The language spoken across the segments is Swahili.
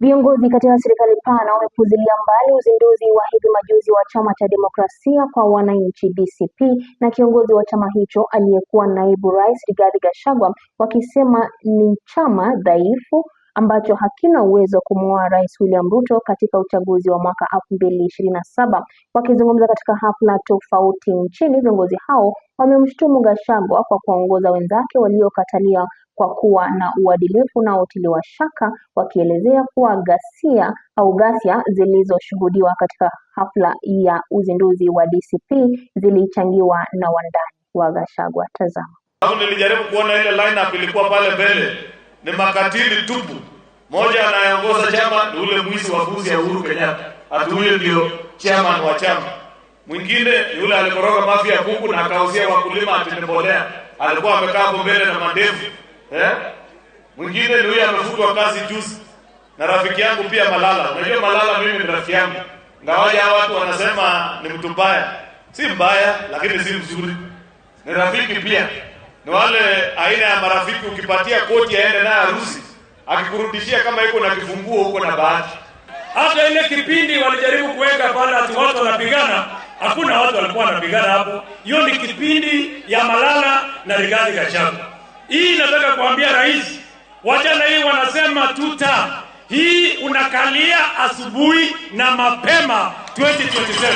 Viongozi katika serikali pana wamepuzilia mbali uzinduzi wa hivi majuzi wa chama cha demokrasia kwa wananchi DCP na kiongozi wa chama hicho aliyekuwa naibu rais Rigathi Gachagua wakisema ni chama dhaifu ambacho hakina uwezo wa Rais William Ruto katika uchaguzi wa mwaka 2027. Wakizungumza katika hafla tofauti nchini, viongozi hao wamemshutumu Gachagua kwa kuongoza wenzake waliokatalia kwa kuwa na uadilifu unaotiliwa shaka, wakielezea kuwa ghasia au ghasia zilizoshuhudiwa katika hafla ya uzinduzi wa DCP zilichangiwa na wandani wa Gachagua. Tazama, nilijaribu kuona ile lineup ilikuwa pale mbele ni makatili tupu. Moja anayeongoza chama ni ule mwizi wa Buzi ya Uhuru Kenyatta, ati huyo ndio chairman wa chama. Mwingine ni yule alikoroga mafia ya kuku na akauzia wakulima ati ni mbolea, alikuwa amekaa hapo mbele na mandevu eh? Mwingine ni huyo amefutwa kazi juzi, na rafiki yangu pia Malala. Unajua Malala mimi ni rafiki yangu, ngawaja hawa watu wanasema ni mtu mbaya. Si mbaya, lakini si mzuri, ni rafiki pia ni wale aina ya marafiki, ukipatia koti aende naye harusi, akikurudishia kama iko na kifunguo, huko na bahati. Hata ile kipindi walijaribu kuweka pale ati watu wanapigana, hakuna watu walikuwa wanapigana hapo. Hiyo ni kipindi ya Malala na Rigathi Gachagua. Hii nataka kuambia rais, wajana hii wanasema tuta hii unakalia asubuhi na mapema 2027.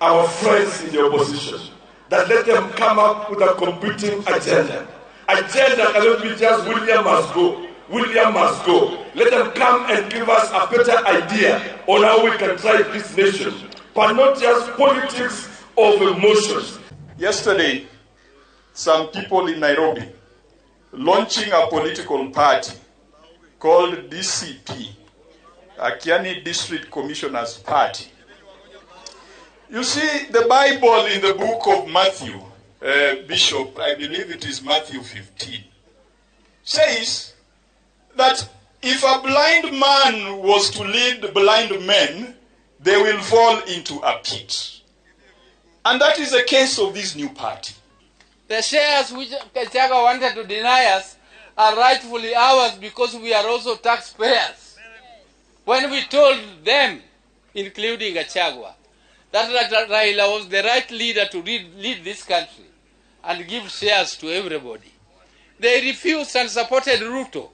Our friends in the opposition that let them come up with a competing agenda. Agenda cannot be just William must go. William must go. Let them come and give us a better idea on how we can drive this nation, but not just politics of emotions. Yesterday, some people in Nairobi launching a political party called DCP, Akiani District Commissioners Party. You see, the Bible in the book of Matthew, uh, Bishop, I believe it is Matthew 15, says that if a blind man was to lead blind men, they will fall into a pit. And that is the case of this new party. The shares which Kachaga wanted to deny us are rightfully ours because we are also taxpayers. When we told them, including Gachagua, that why Raila was the right leader to lead, lead this country and give shares to everybody. They refused and supported Ruto.